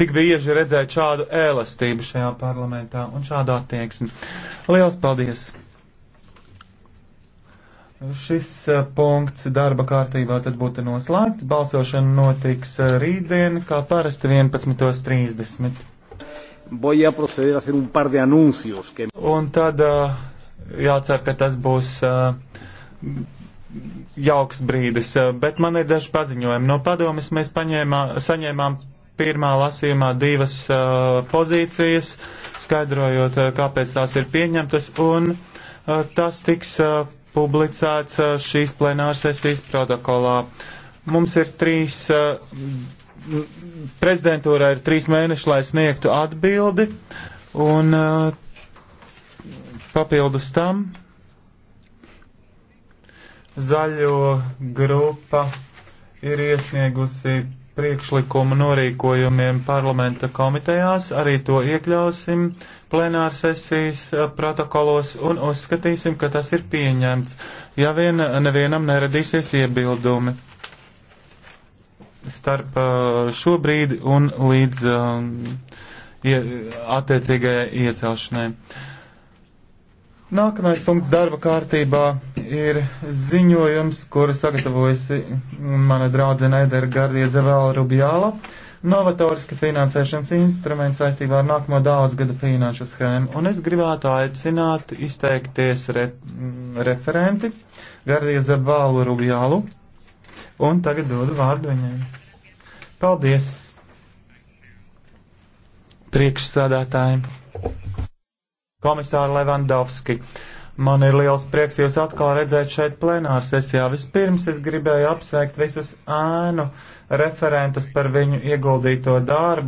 tik bieži redzēt šādu ēlastību šajā parlamentā un šādu attieksmi. Lielas paldies! Šis eh, punkts darba kārtībā tad būtu noslēgts. Balsošana notiks eh, rītdien, kā parasti 11.30. Voy a proceder a hacer un par de anuncios. Que... Un tad eh, jācer, ka tas būs jauks brīdis, bet man ir daži paziņojumi. No padomis mēs paņēmā, saņēmām pirmā lasījumā divas uh, pozīcijas, skaidrojot, uh, kāpēc tās ir pieņemtas, un uh, tas tiks uh, publicēts uh, šīs plenāras sesijas protokolā. Mums ir trīs, uh, prezidentūrā ir trīs mēneši, lai sniegtu atbildi, un uh, papildus tam zaļo grupa ir iesniegusi priekšlikumu norīkojumiem parlamenta komitejās, arī to iekļausim plenāra sesijas eh, protokolos un uzskatīsim, ka tas ir pieņemts, ja vien nevienam neradīsies iebildumi starp eh, šobrīd un līdz eh, attiecīgajai iecelšanai. Nākamais punkts darba kārtībā ir ziņojums, kuru sagatavojusi mana draudzene Edera Gardie Zavēla Rubjāla. Novatoriska finansēšanas instruments saistībā ar nākamo daudzgada finanšu schēmu. Un es gribētu aicināt izteikties re, mm, referenti Gardie Zavēlu Rubjālu. Un tagad dodu vārdu viņai. Paldies! Priekšsādātājiem! Komisāra Levandovski. Uh, Man ir liels prieks jūs atkal redzēt šeit plenāru sesijā. Vispirms es gribēju apsveikt visus ēnu referentus par viņu ieguldīto darbu.